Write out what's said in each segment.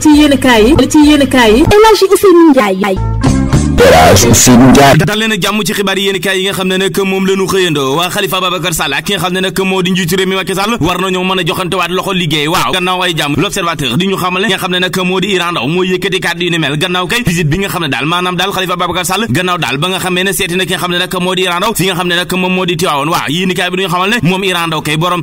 li ci yenn kaay yi li ci yenn kaay yi El Hadji Ousseynou Ndiaye dal leen ak jàmm ci xibaar yi yéenekaay yi nga xam ne nag moom la xëyandoo waa Khalifa Babacar Sall ak ki nga xam ne nag moo di njiitu mi Macky Sall war nañoo mën a joxantewaat loxo liggéey waaw gannaaw ay jàmm l'observateur di ñu xamal nga xam ne nag moo di Iran Ndaw moo yëkkati kàddu yu ni mel gannaaw kay visite bi nga xam ne daal maanaam moo di Iran Ndaw si nga xam ne moom moo bi du ñu xamal ne moom Iran Ndaw kay borom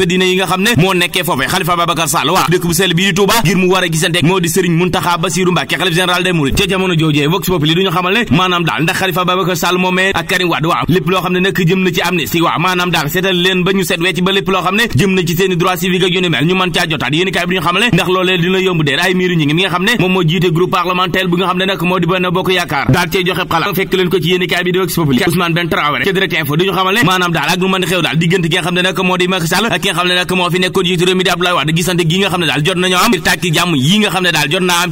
kilifa yi nga xam ne moo nekkee foofe xalifa Babacar Sall waa dëkk bu sell bii di Touba ngir mu war a gisante moo di Serigne Mountakha Bassirou Mbacké xalif général des Mourides ca jamono joojee vox populi du xamal ne maanaam daal ndax xalifa Babacar Sall moomee ak Karim Wade waaw lépp loo xam ne nag jëm na ci amnistie waaw maanaam daal seetal leen ba ñu set wecc ba lépp loo xam ne jëm na ci seeni droit civique ak yu ni mel ñu mën caa jotaat ki xam ne nag moo fi nekkoon jiitu mi di Abdoulaye Wade gisante gi nga xam ne daal jot nañoo am ngir tàkki jàmm yi nga xam ne daal jot naa am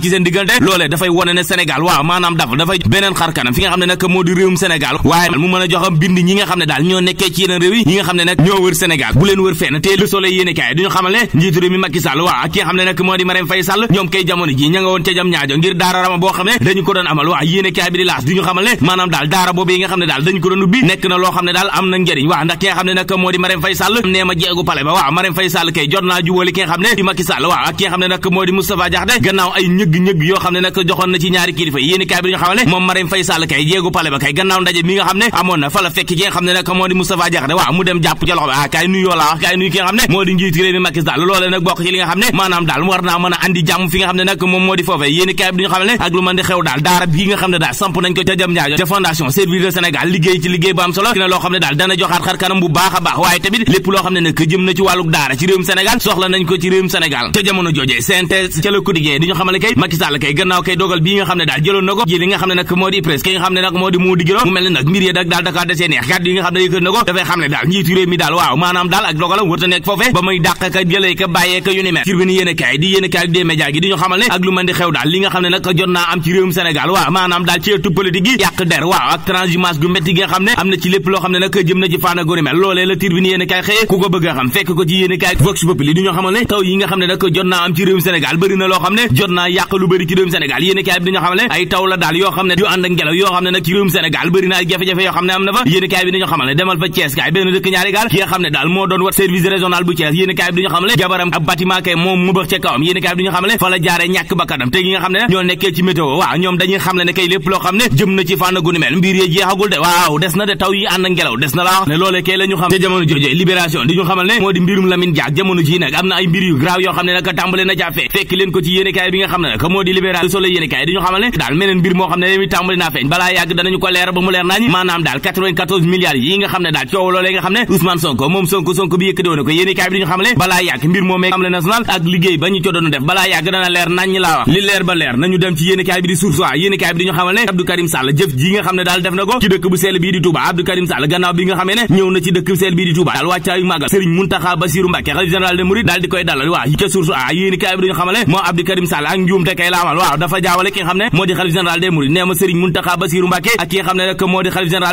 a ngir daara boobu yi nga xam ne daal dañu ko doon ubbi nekk na loo xam ne daal am na njëriñ waaw ndax ki xam ne nag moo di Marème Faye Sall nee ma jeegu pale jàppale ba waaw Marème Faye kay jot naa jubóoli ki xam ne di Macky Sall waaw ak ki xam ne nag moo di Moustapha Diakhaté gannaaw waaw mu dem jàpp ca loxo ba kaay nuyu la wax kaay nuyu ki xam ne moo di njiitu réew mi Macky Sall loolee ci li nga xam ne maanaam daal war naa mën a andi jàmm fi nga xam ne nag moom moo di foofee yéeni kaay bi ñu xamal ne ak lu mën di xew daal daara bi nga xam ne daal samp nañ ko ca jam ñaajo ca fondation Servir le Sénégal ne ci wàllu daara ci réewum Sénégal soxla nañ ko ci réewum Sénégal te jamono jooje synthèse ca le quotidien di ñu xamal kay Macky Sall kay gannaaw kay dogal bii nga xam ne daal jëloon na ko ji li nga xam ne nag moo di presse ki nga xam ne nag moo di moo di gëloo mu mel ne nag mbir yi nag daal dakaa desee neex kàddu yi nga xam ne yëkkati na ko dafay xam ne daal njiitu réew mi daal waaw maanaam daal ak dogalam wërta nekk foofee ba muy dàq ka jëlee ka bàyyee ka yu ni mel turbine yéen kaay di yéen kaay di média gi di ñu xamal ne ak lu mën di xew daal li nga xam ne nag jot naa am ci réewum Sénégal waaw maanaam daal ci ëttu politique gi yàq der waaw ak transhumance gu métti gi nga xam ne am na ci lépp loo xam ne nag jëm na ci faana gu ni mel loolee la turbine yéen kaay xëye ku ko bëgg a xam fekk ko ci yéen i kaay Vox xamal ne taw yi nga xam ne nag jot naa am ci réewum Sénégal bëri loo xam ne jot na ci fànn gu mel mbir yi jeexagul de waaw des na de taw yi ànd ngelaw des na la ne loolee kay la xam te jamono jooju libération di ñu xamal ne moo di nga xam ne daal meneen mbir yi nga xam ne daal coow moom Sonko Sonko bi yëkkati woon ko yéenekaay bi bi di xamal ne Abdou Karim Sall jëf ji nga xam ne daal def na ko ci dëkk bu sell bii di Touba Abdou Karim Sall gannaaw bi nga xamee ne ñëw na ci dëkk bu sell di Touba daal wàccaayu màggal Serigne Mountakha Muntaxa Basiru Mbàkke a moo di Sëriñ Muntaxa di xalif a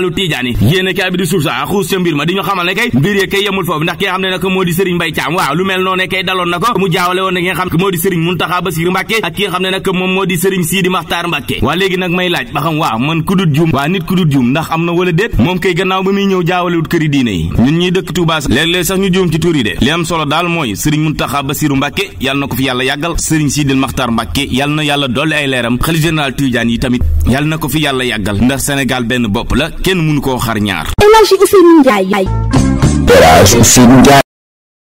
Mbàkke ak léegi nag may laaj ba xam waaw man ku juum waa nit ku juum ndax am na wala déet moom kay gannaaw ba muy ñëw jaawalewut këri diine yi ñun ñuy dëkk Tuubaa léeg-léeg sax ñu juum ci tur yi de li am solo daal mooy sëriñ Muntaxa Basiru Mbàkke yàlla na ko fi yàlla yàggal sëriñ Sidil Maxtaar Mbàkke yàlla na yàlla dolli ay leeram xalifa général Tijaan yi tamit yàlla na ko fi yàlla yàggal ndax Sénégal benn bopp la kenn mënu koo xar ñaar